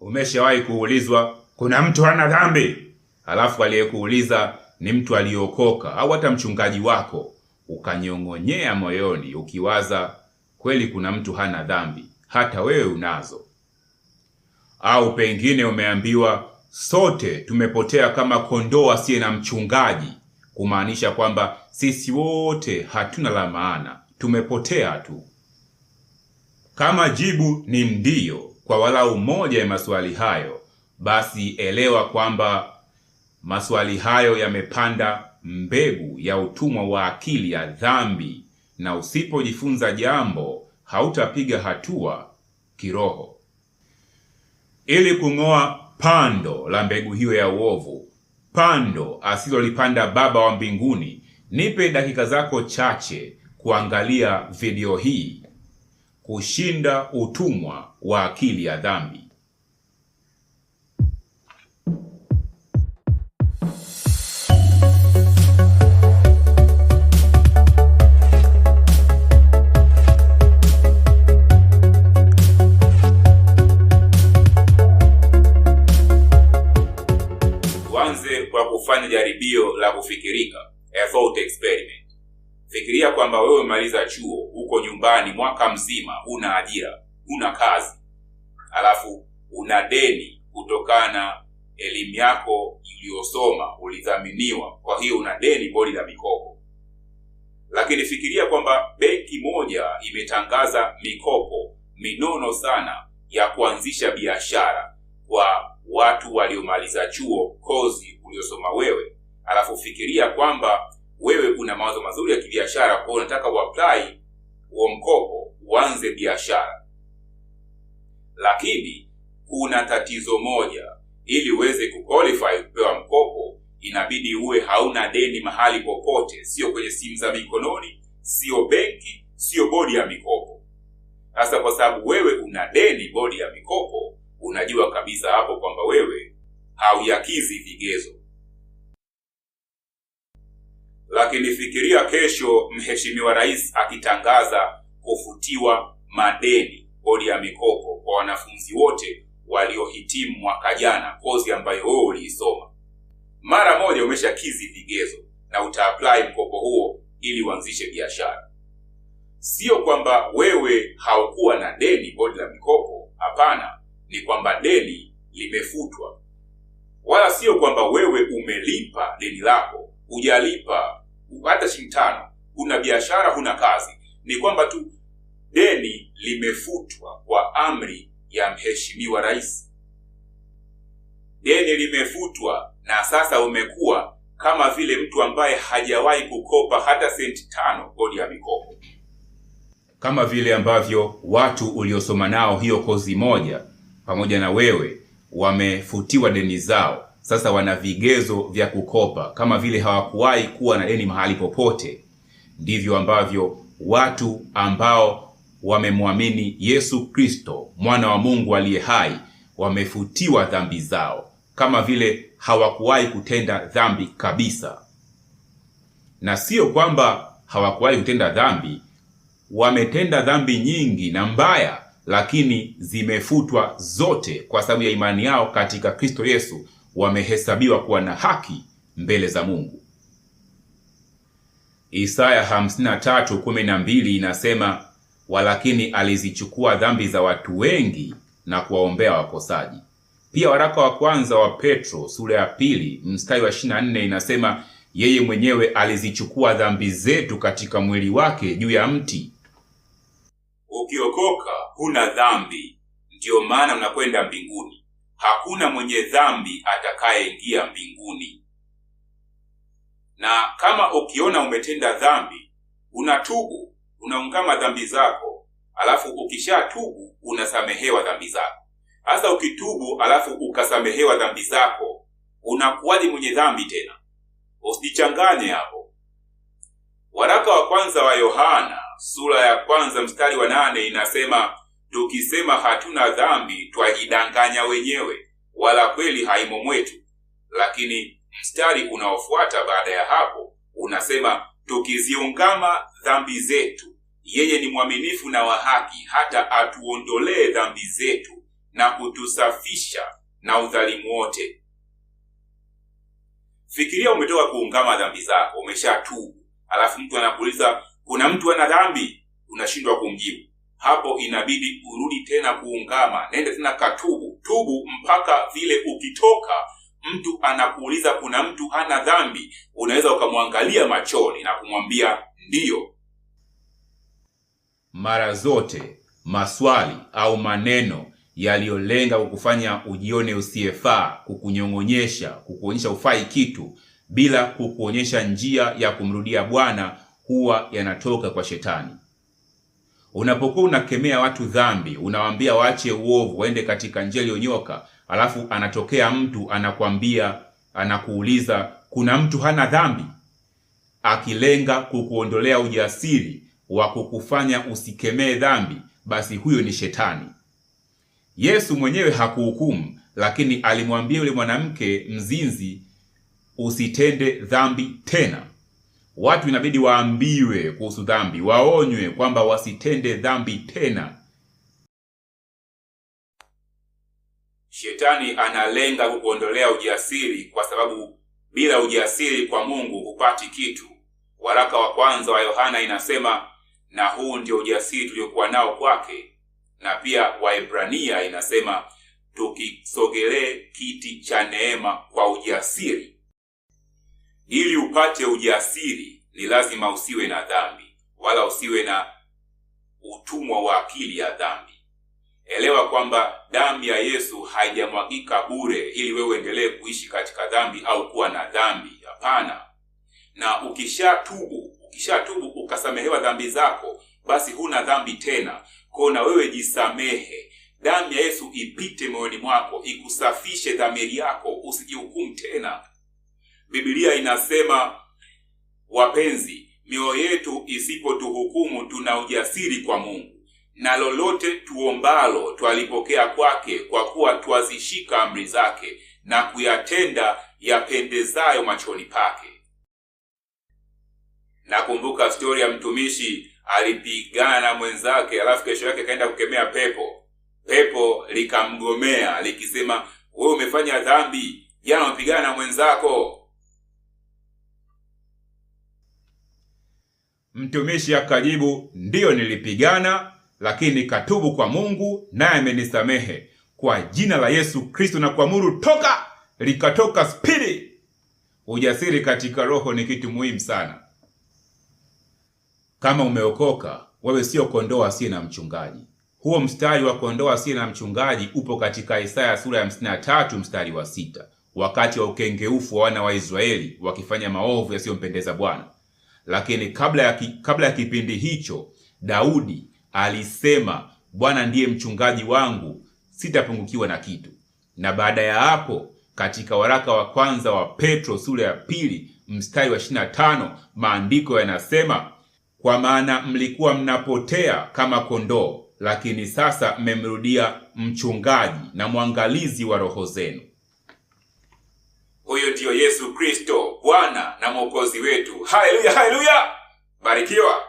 Umeshawahi kuulizwa kuna mtu hana dhambi, halafu aliyekuuliza ni mtu aliyokoka au hata mchungaji wako, ukanyong'onyea moyoni ukiwaza kweli kuna mtu hana dhambi, hata wewe unazo. Au pengine umeambiwa sote tumepotea kama kondoo asiye na mchungaji, kumaanisha kwamba sisi wote hatuna la maana, tumepotea tu. Kama jibu ni ndiyo, kwa walau moja ya maswali hayo, basi elewa kwamba maswali hayo yamepanda mbegu ya utumwa wa akili ya dhambi, na usipojifunza jambo hautapiga hatua kiroho. Ili kung'oa pando la mbegu hiyo ya uovu, pando asilolipanda Baba wa mbinguni, nipe dakika zako chache kuangalia video hii kushinda utumwa wa akili ya dhambi. Tuanze kwa kufanya jaribio la kufikirika, a thought experiment. Fikiria kwamba wewe umemaliza chuo, uko nyumbani mwaka mzima, huna ajira, huna kazi, alafu una deni kutokana elimu yako iliyosoma ulidhaminiwa, kwa hiyo una deni bodi la mikopo. Lakini fikiria kwamba benki moja imetangaza mikopo minono sana ya kuanzisha biashara kwa watu waliomaliza chuo, kozi uliosoma wewe, alafu fikiria kwamba wewe una mawazo mazuri ya kibiashara, kwa unataka uapply huo mkopo uanze biashara, lakini kuna tatizo moja. Ili uweze kuqualify kupewa mkopo, inabidi uwe hauna deni mahali popote, sio kwenye simu za mikononi, sio benki, sio bodi ya mikopo. Sasa kwa sababu wewe una deni bodi ya mikopo, unajua kabisa hapo kwamba wewe hauyakizi vigezo. Lakini fikiria kesho Mheshimiwa Rais akitangaza kufutiwa madeni, bodi ya mikopo kwa wanafunzi wote waliohitimu mwaka jana kozi ambayo wewe uliisoma. Mara moja umeshakizi vigezo na utaapply mkopo huo ili uanzishe biashara. Sio kwamba wewe haukuwa na deni bodi la mikopo, hapana, ni kwamba deni limefutwa, wala sio kwamba wewe umelipa deni lako hujalipa hata shilingi tano, huna biashara, huna kazi, ni kwamba tu deni limefutwa kwa amri ya mheshimiwa rais. Deni limefutwa na sasa umekuwa kama vile mtu ambaye hajawahi kukopa hata senti tano kodi ya mikopo, kama vile ambavyo watu uliosoma nao hiyo kozi moja pamoja na wewe wamefutiwa deni zao sasa wana vigezo vya kukopa kama vile hawakuwahi kuwa na deni mahali popote. Ndivyo ambavyo watu ambao wamemwamini Yesu Kristo mwana wa Mungu aliye hai wamefutiwa dhambi zao, kama vile hawakuwahi kutenda dhambi kabisa. Na sio kwamba hawakuwahi kutenda dhambi, wametenda dhambi nyingi na mbaya, lakini zimefutwa zote kwa sababu ya imani yao katika Kristo Yesu wamehesabiwa kuwa na haki mbele za Mungu. Isaya 53:12 inasema, walakini alizichukua dhambi za watu wengi na kuwaombea wakosaji. Pia waraka wa kwanza wa Petro sura ya pili mstari wa 24 inasema, yeye mwenyewe alizichukua dhambi zetu katika mwili wake juu ya mti. Ukiokoka huna dhambi, ndiyo maana mnakwenda mbinguni hakuna mwenye dhambi atakayeingia mbinguni. Na kama ukiona umetenda dhambi, unatubu, unaungama dhambi zako, alafu ukishatubu unasamehewa dhambi zako. Hasa ukitubu alafu ukasamehewa dhambi zako, unakuwaje mwenye dhambi tena? Usijichanganye hapo. Waraka wa kwanza wa Yohana sura ya kwanza mstari wa nane inasema Tukisema hatuna dhambi twajidanganya wenyewe, wala kweli haimo mwetu. Lakini mstari unaofuata baada ya hapo unasema tukiziungama dhambi zetu, yeye ni mwaminifu na wa haki, hata atuondolee dhambi zetu na kutusafisha na udhalimu wote. Fikiria umetoka kuungama dhambi zako, umeshatubu, alafu mtu anakuuliza kuna mtu ana dhambi, unashindwa kumjibu hapo inabidi urudi tena kuungama, nende tena katubu, tubu mpaka vile ukitoka mtu anakuuliza kuna mtu hana dhambi, unaweza ukamwangalia machoni na kumwambia ndiyo. Mara zote maswali au maneno yaliyolenga kukufanya ujione usiyefaa, kukunyong'onyesha, kukuonyesha ufai kitu, bila kukuonyesha njia ya kumrudia Bwana, huwa yanatoka kwa Shetani. Unapokuwa unakemea watu dhambi, unawaambia waache uovu, waende katika njia iliyonyoka, alafu anatokea mtu anakwambia, anakuuliza kuna mtu hana dhambi, akilenga kukuondolea ujasiri wa kukufanya usikemee dhambi, basi huyo ni shetani. Yesu mwenyewe hakuhukumu, lakini alimwambia yule mwanamke mzinzi, usitende dhambi tena. Watu inabidi waambiwe kuhusu dhambi, waonywe kwamba wasitende dhambi tena. Shetani analenga kukuondolea ujasiri, kwa sababu bila ujasiri kwa Mungu hupati kitu. Waraka wa kwanza wa Yohana inasema, na huu ndio ujasiri tuliokuwa nao kwake. Na pia Waebrania inasema, tukisogelee kiti cha neema kwa ujasiri. Ili upate ujasiri, ni lazima usiwe na dhambi, wala usiwe na utumwa wa akili ya dhambi. Elewa kwamba damu ya Yesu haijamwagika bure ili wewe endelee kuishi katika dhambi au kuwa na dhambi. Hapana. Na ukishatubu, ukishatubu ukasamehewa dhambi zako, basi huna dhambi tena. Kwa na wewe jisamehe, damu ya Yesu ipite moyoni mwako, ikusafishe dhamiri yako, usijihukumu tena. Biblia inasema, wapenzi, mioyo yetu isipotuhukumu tuna ujasiri kwa Mungu, na lolote tuombalo twalipokea kwake, kwa kuwa twazishika amri zake na kuyatenda yapendezayo machoni pake. Nakumbuka stori ya mtumishi alipigana na mwenzake, alafu kesho yake akaenda kukemea pepo. Pepo likamgomea likisema, wewe umefanya dhambi, jana umepigana na mwenzako. Mtumishi akajibu, ndiyo nilipigana, lakini katubu kwa Mungu naye amenisamehe. Kwa jina la Yesu Kristo na kuamuru toka, likatoka spidi. Ujasiri katika roho ni kitu muhimu sana. Kama umeokoka wewe, sio kondoo asiye na mchungaji. Huo mstari wa kondoo asiye na mchungaji upo katika Isaya sura ya 53 mstari wa sita, wakati wa ukengeufu wa wana wa Israeli wakifanya maovu yasiyompendeza Bwana lakini kabla ya, ki, kabla ya kipindi hicho Daudi alisema, Bwana ndiye mchungaji wangu, sitapungukiwa na kitu. Na baada ya hapo katika waraka wa kwanza wa Petro sura ya pili mstari wa 25 maandiko yanasema, kwa maana mlikuwa mnapotea kama kondoo, lakini sasa mmemrudia mchungaji na mwangalizi wa roho zenu. Huyu ndiyo Yesu Kristo, Bwana na Mwokozi wetu. Haleluya, haleluya, barikiwa.